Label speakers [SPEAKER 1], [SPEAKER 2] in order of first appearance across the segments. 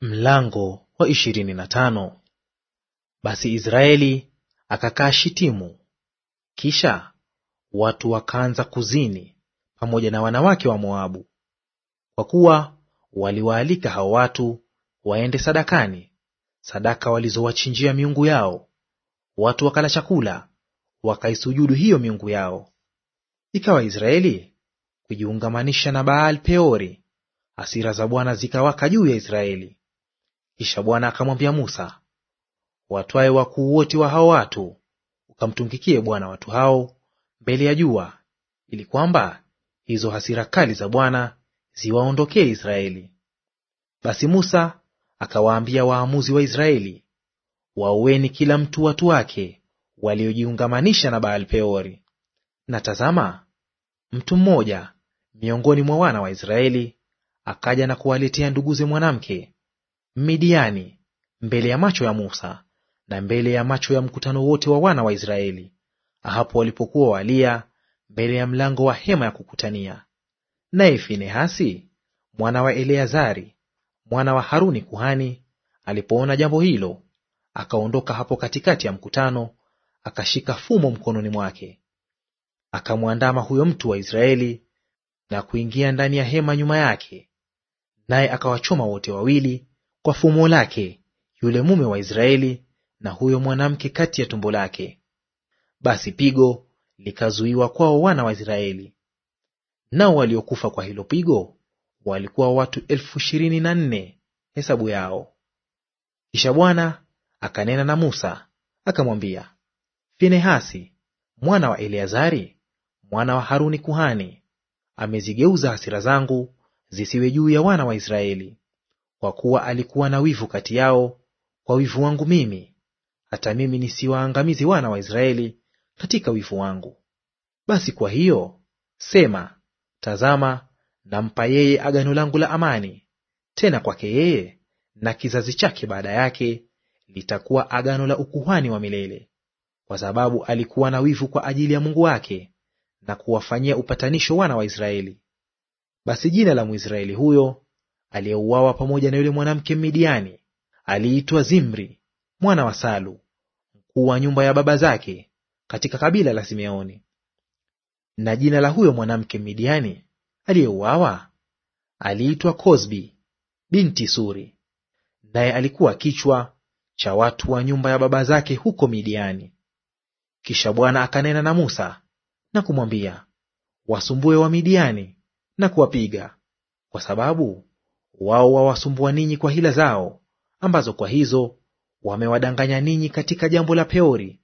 [SPEAKER 1] Mlango wa ishirini na tano. Basi Israeli akakaa Shitimu. Kisha watu wakaanza kuzini pamoja na wanawake wa Moabu, kwa kuwa waliwaalika hao watu waende sadakani sadaka walizowachinjia miungu yao. Watu wakala chakula, wakaisujudu hiyo miungu yao. Ikawa Israeli kujiungamanisha na Baal Peori, hasira za Bwana zikawaka juu ya Israeli. Kisha Bwana akamwambia Musa, watwae wakuu wote wa hao watu, ukamtungikie Bwana watu hao mbele ya jua, ili kwamba hizo hasira kali za Bwana ziwaondokee Israeli. Basi Musa akawaambia waamuzi wa Israeli, waueni kila mtu watu wake waliojiungamanisha na Baal Peori. Na tazama, mtu mmoja miongoni mwa wana wa Israeli akaja na kuwaletea nduguze mwanamke Midiani mbele ya macho ya Musa na mbele ya macho ya mkutano wote wa wana wa Israeli, hapo walipokuwa walia mbele ya mlango wa hema ya kukutania. Naye Finehasi mwana wa Eleazari mwana wa Haruni kuhani alipoona jambo hilo, akaondoka hapo katikati ya mkutano, akashika fumo mkononi mwake, akamwandama huyo mtu wa Israeli na kuingia ndani ya hema nyuma yake, naye akawachoma wote wawili kwa fumo lake yule mume wa Israeli na huyo mwanamke kati ya tumbo lake. Basi pigo likazuiwa kwao wana wa Israeli. Nao waliokufa kwa hilo pigo walikuwa watu elfu ishirini na nne hesabu yao. Kisha Bwana akanena na Musa akamwambia, Finehasi mwana wa Eleazari mwana wa Haruni kuhani amezigeuza hasira zangu zisiwe juu ya wana wa Israeli kwa kuwa alikuwa na wivu kati yao kwa wivu wangu mimi, hata mimi nisiwaangamizi wana wa Israeli katika wivu wangu. Basi kwa hiyo sema, tazama, nampa yeye agano langu la amani, tena kwake yeye na kizazi chake baada yake litakuwa agano la ukuhani wa milele, kwa sababu alikuwa na wivu kwa ajili ya Mungu wake na kuwafanyia upatanisho wana wa Israeli. Basi jina la Mwisraeli huyo aliyeuawa pamoja na yule mwanamke Midiani aliitwa Zimri mwana wa Salu, mkuu wa nyumba ya baba zake katika kabila la Simeoni. Na jina la huyo mwanamke Midiani aliyeuawa aliitwa Kozbi binti Suri, naye alikuwa kichwa cha watu wa nyumba ya baba zake huko Midiani. Kisha Bwana akanena na Musa na kumwambia, wasumbue wa Midiani na kuwapiga, kwa sababu wao wawasumbua ninyi kwa hila zao, ambazo kwa hizo wamewadanganya ninyi katika jambo la Peori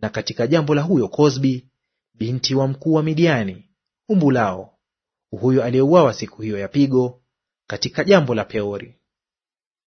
[SPEAKER 1] na katika jambo la huyo Kozbi binti wa mkuu wa Midiani, umbu lao, huyo aliyeuawa siku hiyo ya pigo katika jambo la Peori.